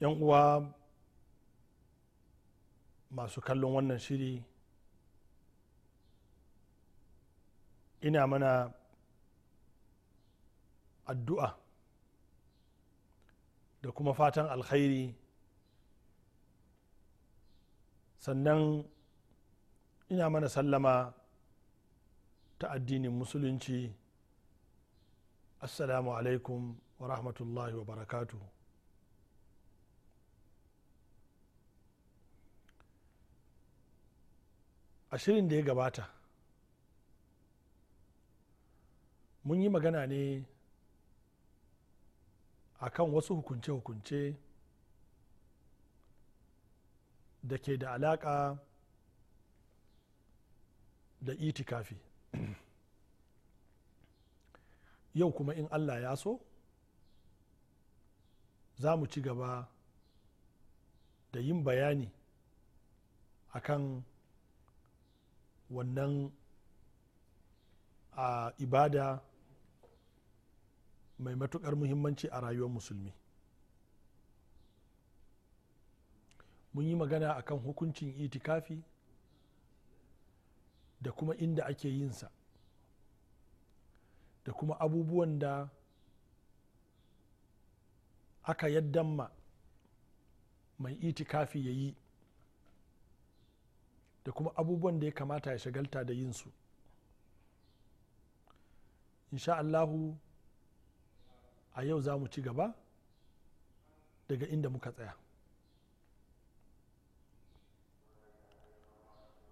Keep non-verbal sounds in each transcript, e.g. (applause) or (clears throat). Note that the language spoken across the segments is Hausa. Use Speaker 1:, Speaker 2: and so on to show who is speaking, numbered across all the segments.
Speaker 1: yan uwa masu kallon wannan shiri ina mana addu'a da kuma fatan alkhairi sannan ina mana sallama ta addinin musulunci assalamu alaikum wa rahmatullahi wa barakatu. a shirin da ya gabata mun yi magana ne a kan wasu hukunce-hukunce da ke da alaƙa da itikafi (clears throat) yau kuma in allah ya so za mu ci gaba da yin bayani akan wannan a ibada mai matukar muhimmanci a rayuwar musulmi mun yi magana a kan hukuncin itikafi da kuma inda ake yinsa da kuma abubuwan da aka yaddan ma mai itikafi ya yi da kuma abubuwan da ya kamata ya shagalta da yin su insha allahu a yau za mu ci gaba daga inda muka tsaya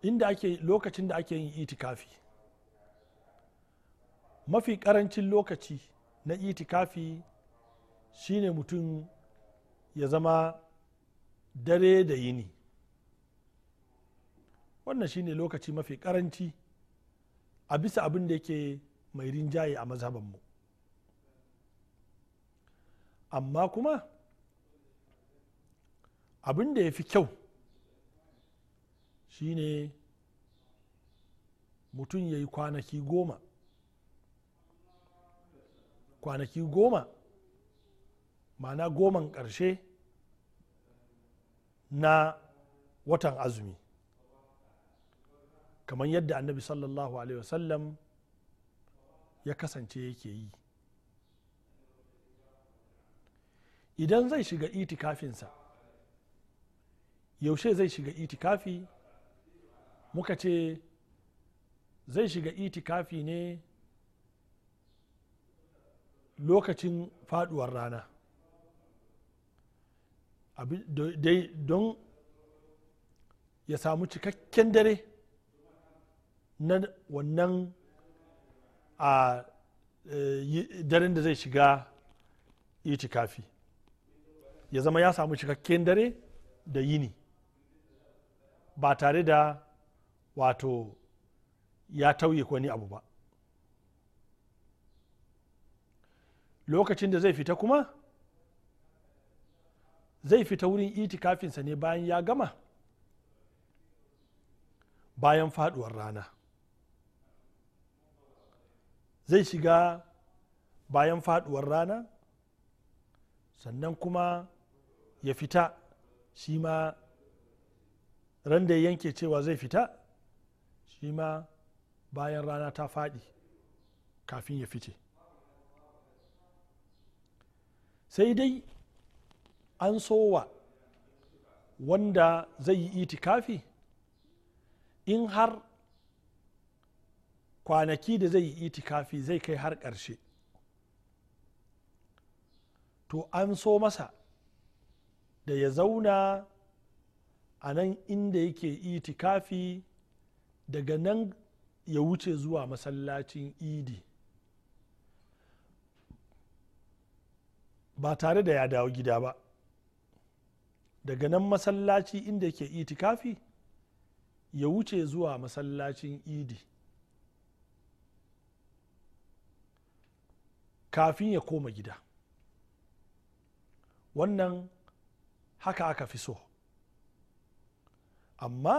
Speaker 1: inda ake lokacin da ake yin itikafi mafi karancin lokaci na itikafi shine mutum ya zama dare da yini wannan shine lokaci mafi karanci a bisa abin da yake mai rinjaye a mazhabanmu amma kuma abin da ya fi kyau shine mutum ya yi kwanaki goma kwanaki goma ma'ana goman karshe na watan azumi kamar yadda annabi sallallahu alaihi wasallam ya kasance yake yi idan zai shiga itikafinsa yaushe zai shiga itikafi muka ce zai shiga itikafi ne lokacin faduwar rana don ya samu cikakken dare na wannan a e, daren da zai shiga itikafi ya zama ya samu cikakken dare da yini ba tare da wato ya tauye wani abu ba lokacin da zai fita kuma zai fita wurin itikafinsa ne bayan ya gama bayan faduwar rana zai shiga bayan faduwar rana sannan kuma ya fita shi ma ran ya yanke cewa zai fita shi ma bayan rana ta faɗi kafin ya fice sai dai an so wa wanda zai yi itikafi in har kwanaki da zai yi itikafi zai kai har ƙarshe to an so masa da ya zauna a nan inda yake itikafi daga nan ya wuce zuwa masallacin idi ba tare da ya dawo gida ba daga nan masallaci inda yake itikafi ya wuce zuwa masallacin idi kafin ya koma gida wannan haka aka fi so amma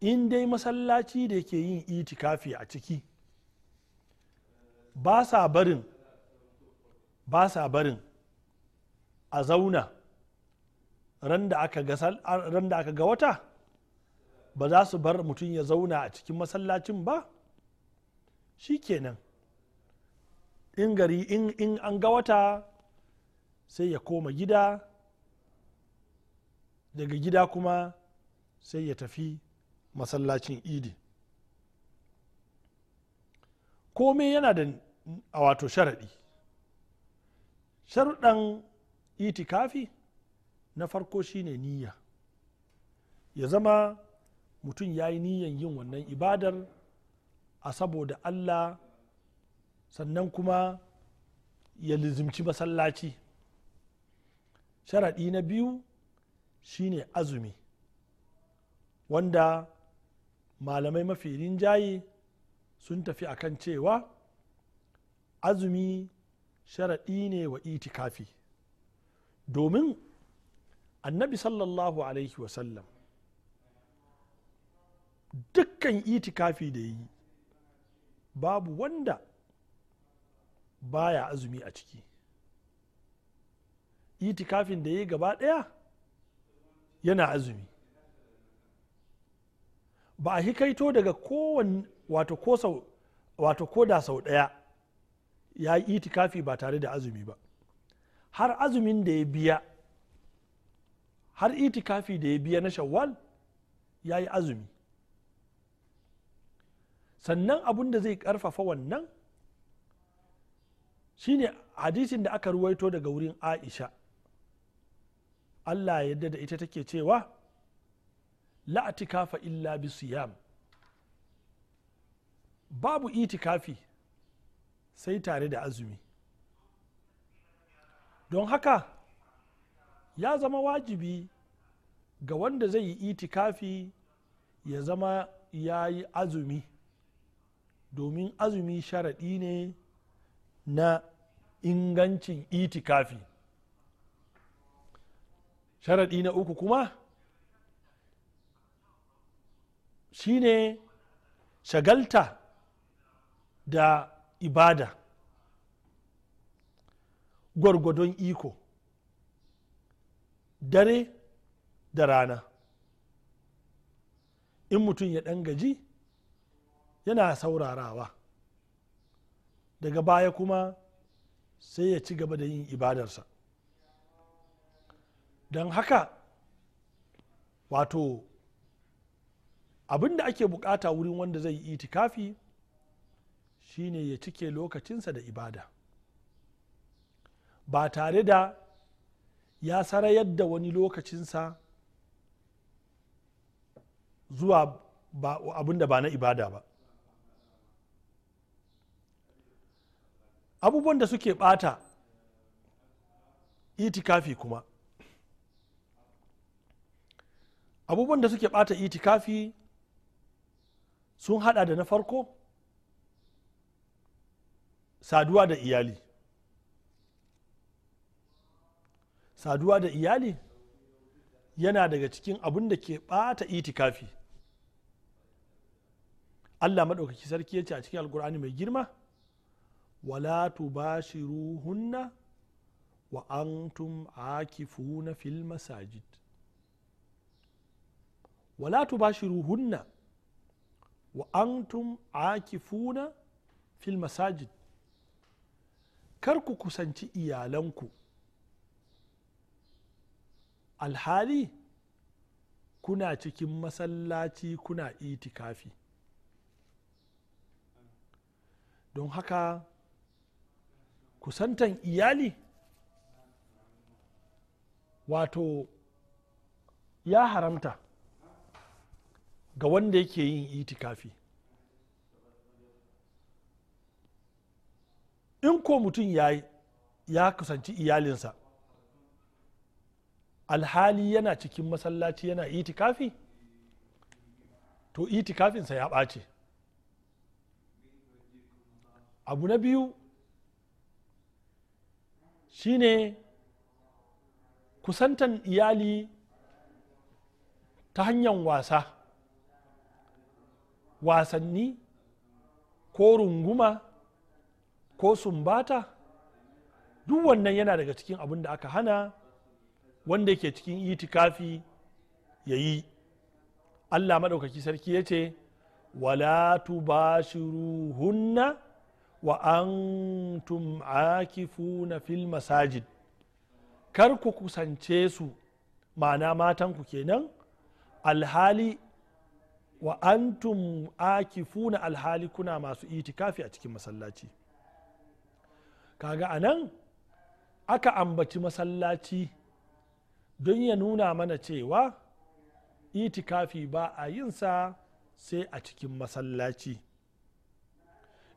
Speaker 1: in dai masallaci da ke yin itikafi a ciki ba sa barin ba sa barin a zauna ran da aka ga wata ba za su bar mutum ya zauna a cikin masallacin ba shi kenan in gari in an ga wata sai ya koma gida daga gida kuma sai ya tafi masallacin idi komai yana da a wato sharaɗi sharuɗan itikafi na farko shine niyya ya zama mutum ya yi niyyan yin wannan ibadar a saboda allah sannan kuma ya lizimci masallaci sharaɗi na biyu shine azumi wanda malamai mafi rinjaye sun tafi akan cewa azumi sharaɗi ne wa itikafi domin annabi sallallahu alaihi wasallam dukkan itikafi da yi babu wanda baya azumi a ciki itikafin da ya yi gaba ɗaya yana azumi ba a hikaito daga kowane wato ko sau wato ko da sau ɗaya ya yi itikafi ba tare da azumi ba har azumin da ya biya har itikafi da ya biya na shawwal ya yi azumi sannan abin da zai karfafa wannan shine hadisin da aka ruwaito daga wurin aisha allah yadda da ita take cewa la'atikafa illa bi siyam babu itikafi sai tare da azumi don haka ya zama wajibi ga wanda zai yi itikafi ya zama ya yi azumi domin azumi sharaɗi ne na ingancin itikafi sharaɗi na uku kuma shine shagalta da ibada gwargwadon iko dare da rana in mutum ya ɗan gaji yana saurarawa daga baya kuma sai ya ci gaba da yin ibadarsa don haka wato abin da ake bukata wurin wanda zai yi itikafi shine ya cike lokacinsa da ibada ba tare da ya sarayar yadda wani lokacinsa zuwa abin ba na ibada ba abubuwan da suke bata itikafi kuma abubuwan da suke bata itikafi sun hada da na farko saduwa da iyali saduwa da iyali yana daga cikin abun da ke bata itikafi allah maɗaukaki sarki ya ce a cikin alkur'ani mai girma wala tubashiruhunna wa antum akifuna fil masajid wala tubashiruhunna wa antum akifuna fil masajid kar ku kusanci iyalanku alhali kuna cikin masallaci kuna itikafi don haka kusantan iyali wato ya haramta ga wanda yake yin itikafi in ko mutum ya ya kusanci iyalinsa alhali yana cikin masallaci yana itikafi to itikafinsa ya ɓace abu na biyu shine kusantan iyali ta hanyar wasa wasanni ko runguma ko sumbata duk wannan yana daga cikin abin da aka hana wanda ke cikin itikafi ya yi allah maɗaukaki sarki ya ce wala shi hunna wa antum akifuna fil masajid kar ku kusance su ma'ana matanku kenan alhali wa antum akifuna alhali kuna masu itikafi a cikin masallaci kaga anan aka ambaci masallaci don ya nuna mana cewa itikafi ba a yinsa sai a cikin masallaci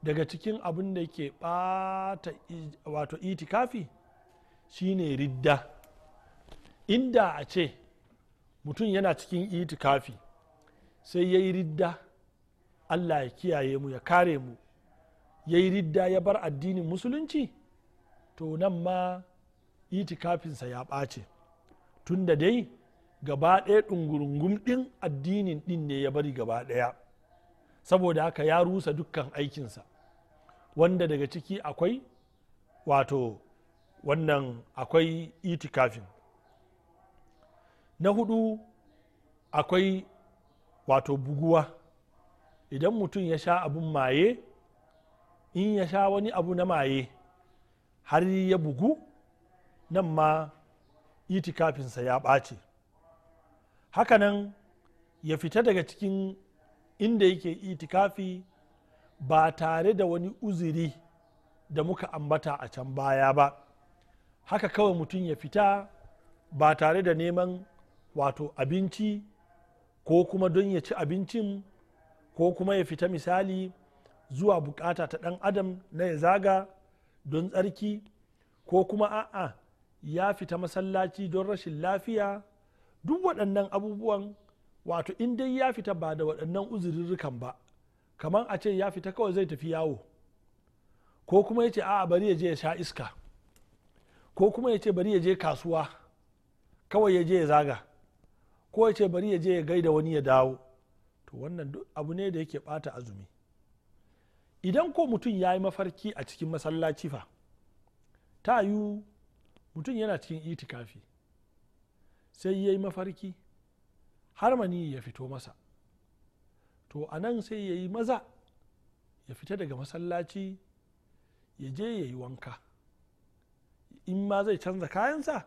Speaker 1: daga cikin abin da ke bata wato itikafi shine ridda inda a ce mutum yana cikin itikafi sai ya yi ridda allah ya kiyaye mu ya kare mu ya yi ridda ya bar addinin musulunci to nan ma itikafinsa ya ɓace tun da dai gaba ɗaya ɗungurungun ɗin addinin ɗin ne ya bari gaba ɗaya saboda haka ya rusa dukkan aikinsa wanda daga ciki akwai wato wannan akwai itikafin na hudu akwai wato buguwa idan mutum ya sha abun maye in ya sha wani abu na maye har ya bugu nan ma itikafinsa ya ɓace hakanan ya fita daga cikin inda yake itikafi ba tare da wani uzuri da muka ambata a can baya ba haka kawai mutum ya fita ba tare da neman wato abinci ko kuma don ya ci abincin ko kuma ya fita misali zuwa bukata ta dan adam na ya zaga don tsarki ko kuma a'a ya fita masallaci don rashin lafiya duk waɗannan abubuwan wato in dai ya fita ba da waɗannan uzurirrikan ba kamar a ce ya fita kawai zai tafi yawo ko kuma ya ce a'a bari ya je ya sha iska ko kuma ya ce bari ya je kasuwa kawai ya je ya zaga ko ya ce bari ya je ya gaida wani ya dawo to wannan abu ne da yake bata azumi idan ko mutum ya yi mafarki a cikin masallaci fa ta yi mutum yana cikin itikafi sai ya yi mafarki har mani ya fito masa to a nan sai ya yi maza ya fita daga masallaci ya je ya yi wanka in ma zai canza kayansa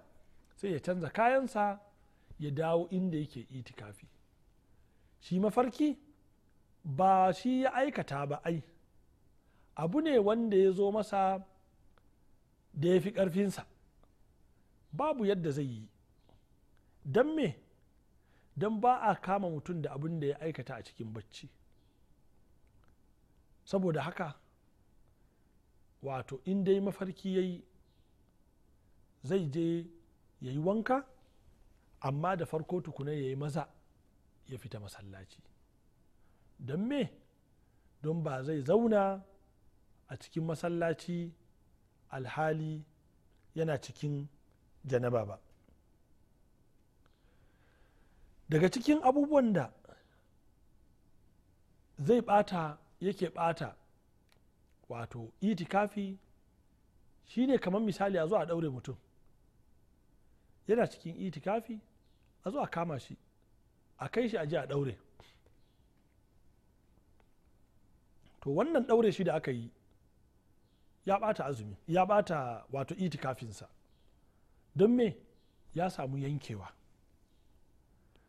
Speaker 1: sai ya canza kayansa ya dawo inda yake itikafi shi mafarki ba shi ya aikata ba ai abu ne wanda ya zo masa da ya fi ƙarfinsa babu yadda zai yi don me don ba a kama mutum da abin da ya aikata a cikin bacci saboda haka wato in dai mafarki ya zai je ya yi wanka amma da farko tukuna ya yi maza ya fita masallaci don me don ba zai zauna a cikin masallaci alhali yana cikin janaba ba daga cikin abubuwan da zai bata yake bata wato itikafi shine kamar misali a zo a daure mutum yana cikin itikafi a zo a kama shi a kai shi a ji a daure to wannan daure shi da aka yi ya bata azumi ya bata wato itikafinsa don me ya samu yankewa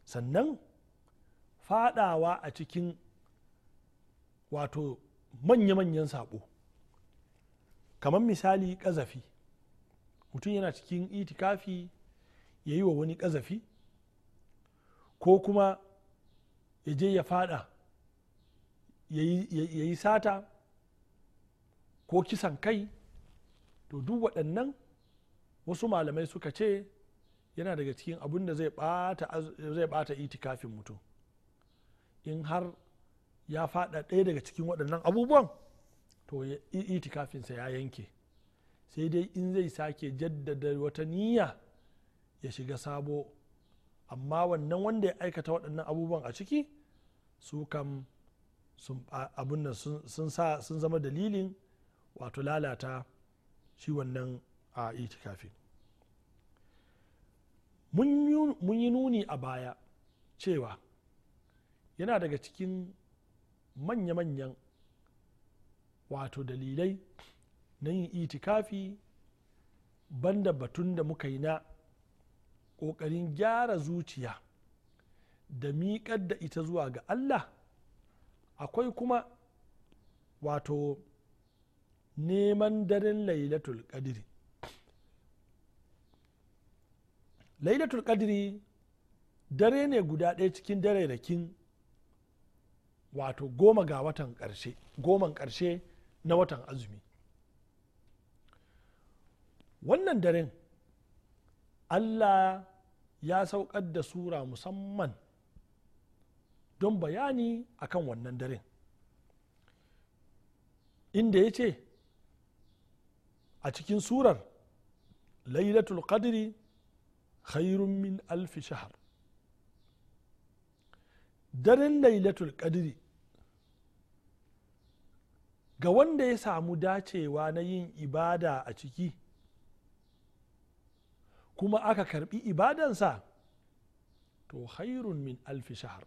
Speaker 1: sannan fadawa a cikin wato manya-manyan sabo kamar misali ƙazafi mutum yana cikin itikafi ya yi wa wani ƙazafi ko kuma ya je ya fada ya yi sata ko kisan kai to duk waɗannan wasu malamai suka ce yana daga cikin abin da zai bata itikafin mutum in har ya fada ɗaya daga cikin waɗannan abubuwan to itikafinsa ya yanke sai dai in zai sake jaddada wata niyya ya shiga sabo amma wannan wanda ya aikata waɗannan abubuwan a ciki su kam abin sun zama dalilin wato lalata shi wannan a itikafin mun yi nuni a baya cewa yana daga cikin manya-manyan wato dalilai na yin itikafi banda batun da muka yi na ƙoƙarin gyara zuciya da miƙar da ita zuwa ga allah akwai kuma wato neman daren lailatul qadri lailatul qadri dare ne guda ɗaya cikin dare da kin wato goma ga watan ƙarshe goman ƙarshe na watan azumi wannan daren allah ya sauƙar da sura musamman don bayani akan wannan daren inda ya ce a cikin surar lailatul qadri khairun min alfi shahar daren lailatul qadri ga wanda ya samu dacewa na yin ibada a ciki kuma aka karbi ibadansa to hairun min alfi shahar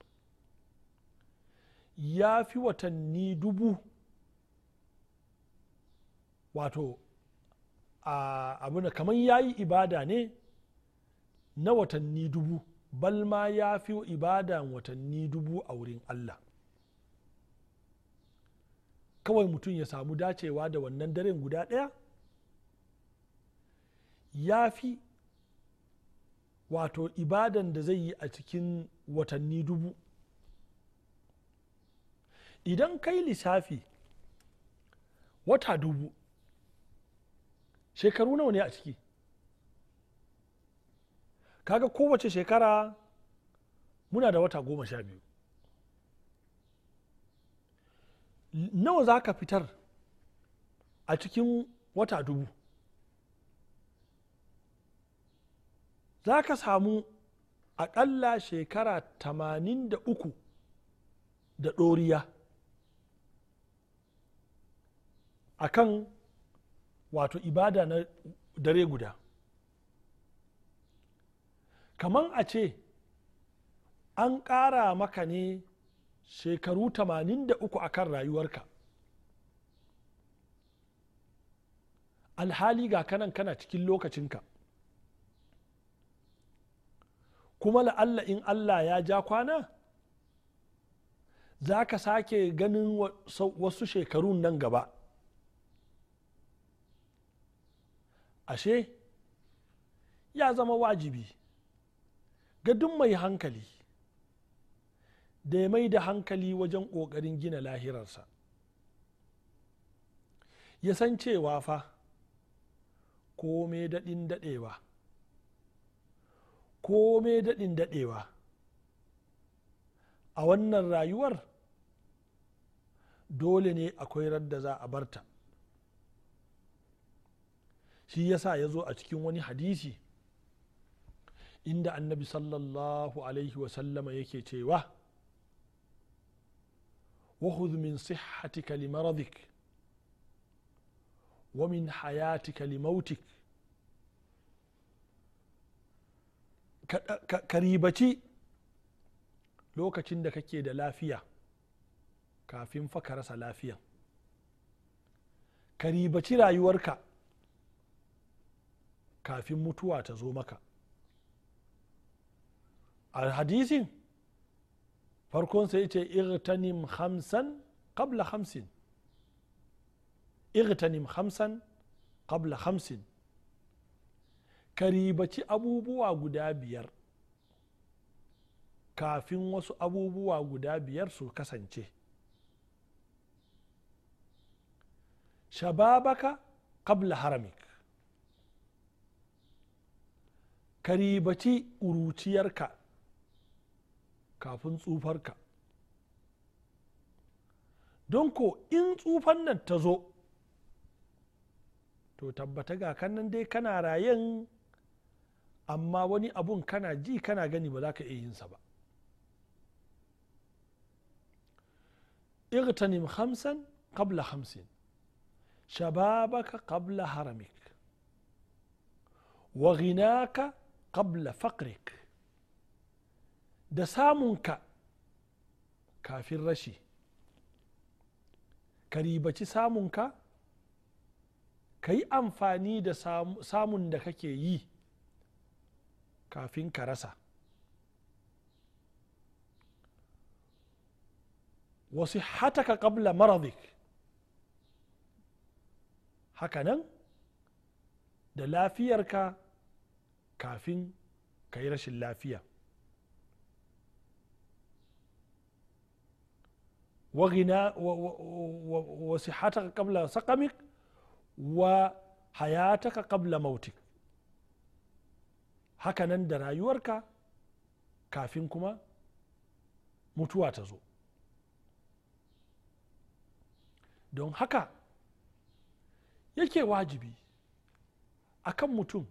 Speaker 1: ya fi watanni dubu wato abin kamar ya yi ibada ne na watanni dubu balma ya fi ibada watanni dubu a wurin allah kawai mutum ya samu dacewa da wannan daren guda ɗaya ya fi wato ibadan da zai yi a cikin watanni dubu idan kai lissafi wata dubu shekaru nawa ne a ciki kaga kowace shekara muna da wata goma sha biyu nawa za ka fitar a cikin wata dubu za ka samu aƙalla shekara tamanin da uku da ɗoriya a kan wato ibada na dare guda kaman a ce an ƙara maka ne shekaru 83 a kan rayuwarka alhali ga kanan kana cikin lokacinka kuma la'alla in allah ya ja kwana za ka sake ganin wasu shekarun nan gaba ashe ya zama wajibi ga duk mai hankali da ya mai da hankali wajen ƙoƙarin gina lahirarsa ya san cewa fa komai daɗin daɗewa komai daɗin daɗewa a wannan rayuwar dole ne akwai radda za a barta shi yasa ya zo a cikin wani hadisi inda annabi sallallahu alaihi wasallama yake cewa وخذ من صحتك لمرضك ومن حياتك لموتك karibaci lokacin da kake da lafiya kafin fa ka rasa lafiya karibaci rayuwarka kafin mutuwa ta zo maka a hadisin farkon sai ce irtanim hamsan kabla hamsin irtanim hamsan kabla hamsin ka ribaci abubuwa guda biyar kafin wasu abubuwa guda biyar su kasance shababaka kabla haramik ka ribaci uruciyarka. kafin tsufarka don ko in tsufan nan ta zo to tabbata ga kan nan dai kana rayen amma wani abun kana ji kana gani ba za ka iya yinsa ba اغتنم خمسا قبل خمسين شبابك قبل هرمك وغناك قبل فقرك da samunka kafin rashi ka ribaci samunka ka yi amfani da samun da kake yi kafin ka rasa wasu hataka kabla maradik hakanan da lafiyarka kafin ka yi rashin lafiya وغناء وصحتك قبل سقمك وحياتك قبل موتك da rayuwarka يوركا كافينكما mutuwa ta zo don haka yake wajibi a kan mutum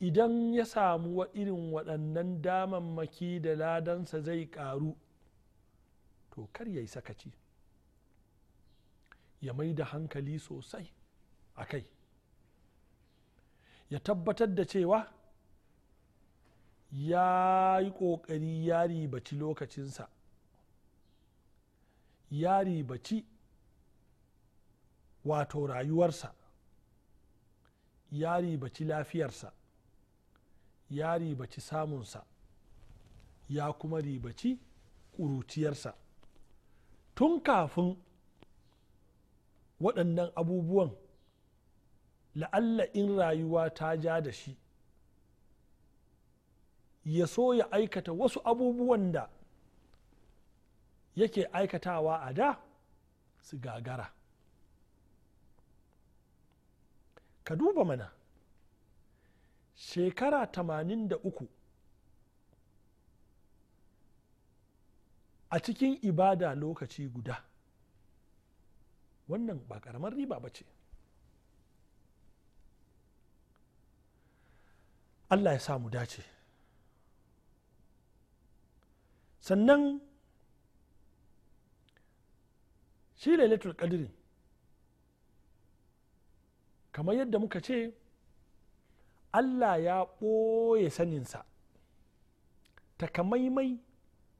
Speaker 1: idan ya samu wa irin waɗannan damammaki da ladansa zai ƙaru to kar ya yi sakaci ya mai da hankali sosai a kai ya tabbatar da cewa ya yi ƙoƙari ya ribaci lokacinsa ya ribaci wato rayuwarsa ya ribaci lafiyarsa ya ribaci samunsa ya kuma ribaci ƙuruciyarsa tun kafin waɗannan abubuwan la'alla in rayuwa ta ja da shi ya so ya aikata wasu abubuwan da yake aikatawa a da su gagara ka duba mana shekara tamanin da uku a cikin ibada lokaci guda wannan ba karamar riba ba ce allah ya samu dace sannan shi lailatul qadri kamar yadda muka ce allah ya ɓoye saninsa takamaimai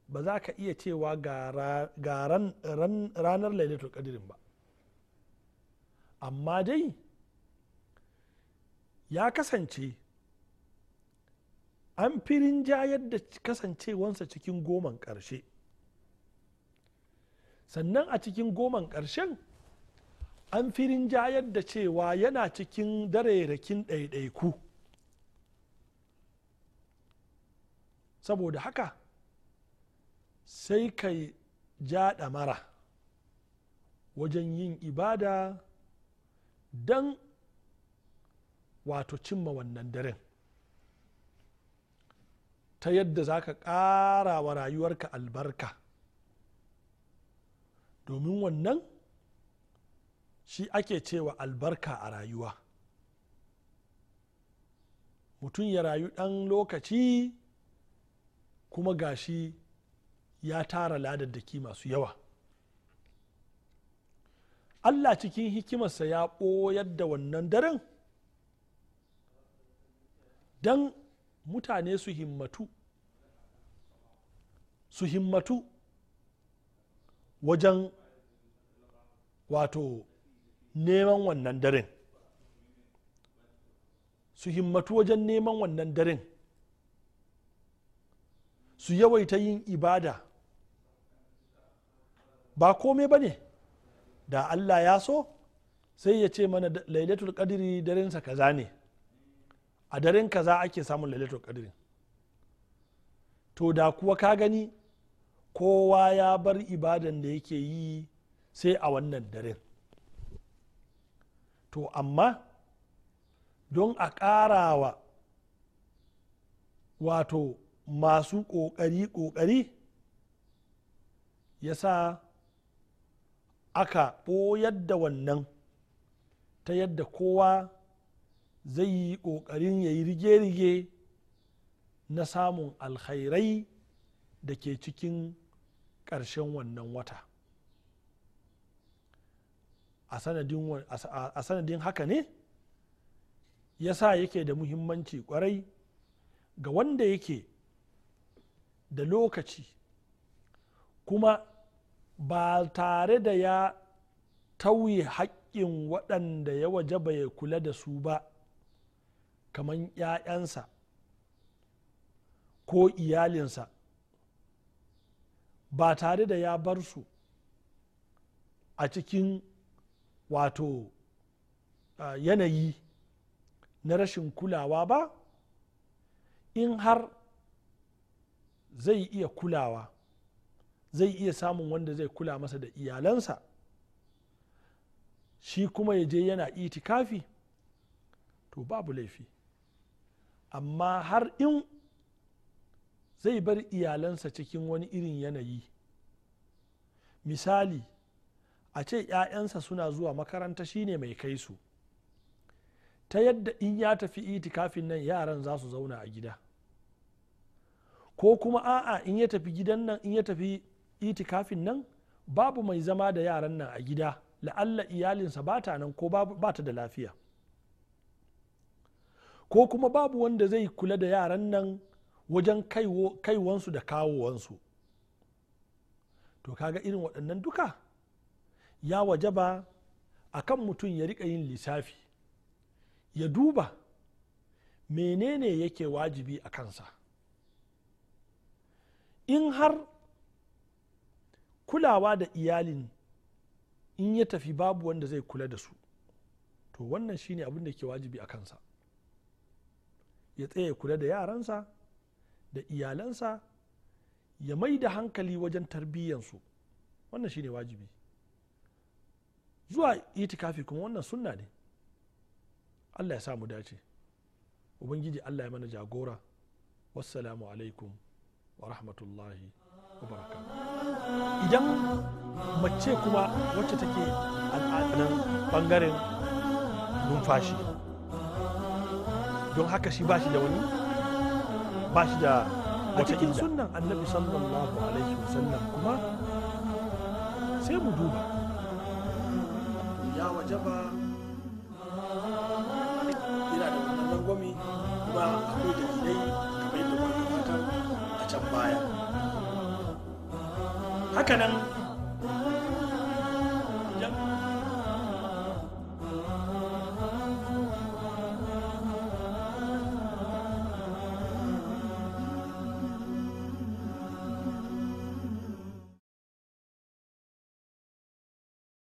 Speaker 1: ba za ka iya cewa ga ranar lailatul qadirin ba amma dai ya kasance an firin jayar da kasancewansa cikin goman ƙarshe sannan a cikin goman ƙarshen an firin jayar da cewa yana cikin rakin ɗaiɗaiku saboda haka sai kai ja ɗamara wajen yin ibada don wato cimma wannan daren ta yadda za ka ƙara wa rayuwarka albarka domin wannan shi ake cewa albarka a rayuwa mutum ya rayu ɗan lokaci kuma gashi ya tara ladaddaki masu yawa allah cikin hikimarsa ya ɓoyar da wannan daren don mutane su himmatu su himmatu wajen wato neman wannan daren su himmatu wajen neman wannan daren su yawaita yin ibada ba komai ba ne da allah ya so sai ya ce mana lailatul qadri darensa kaza ne a darin kaza ake samun lailatul qadri to da kuwa ka gani kowa ya bar ibadan da yake yi sai a wannan daren to amma don a karawa wato masu ƙoƙari-ƙoƙari ya sa aka ɓoyar da wannan ta yadda kowa zai yi ƙoƙarin ya yi rige-rige na samun alkhairai da ke cikin ƙarshen wannan wata a sanadin haka ne ya sa yake da muhimmanci kwarai ga wanda yake da lokaci kuma ba tare da ya tauye haƙƙin waɗanda ya waje ya kula da su ba kamar 'ya'yansa ko iyalinsa ba tare da ya bar su a cikin wato yanayi na rashin kulawa ba in har zai iya kulawa zai iya samun wanda zai kula masa da iyalansa shi kuma ya je yana itikafi to babu laifi amma har in zai bar iyalansa cikin wani irin yanayi misali a ce 'ya'yansa suna zuwa makaranta shine mai kai su ta yadda in ya tafi itikafin nan yaran za su zauna a gida ko kuma a'a in ya tafi gidan nan in ya tafi itikafin nan babu mai zama da yaran nan a gida la'alla iyalinsa ba ta nan ko ba ta da lafiya ko kuma babu wanda zai kula da yaran nan wajen kaiwansu da kawowansu to kaga irin waɗannan duka ya waje ba a kan mutum ya riƙa yin lissafi ya duba menene yake wajibi a kansa in har kulawa da iyalin in ya tafi babu wanda zai kula da su to wannan shine abin da ke wajibi a kansa ya tsaye kula da yaransa da iyalansa ya mai da hankali wajen tarbiyyansu wannan shine wajibi zuwa itikafi kuma wannan sunna ne allah ya samu dace ubangiji allah ya mana jagora wassalamu alaikum wa rahmatullahi wa barakatuh idan mace kuma wacce take al'adunan bangaren numfashi don haka shi ba shi da wani ba shi da a cikin sunan annabi sallallahu alaihi wasallam kuma sai mu duba ya waje ba yana da wannan gwami ba akwai dalilai kamar yadda wani a can baya haka nan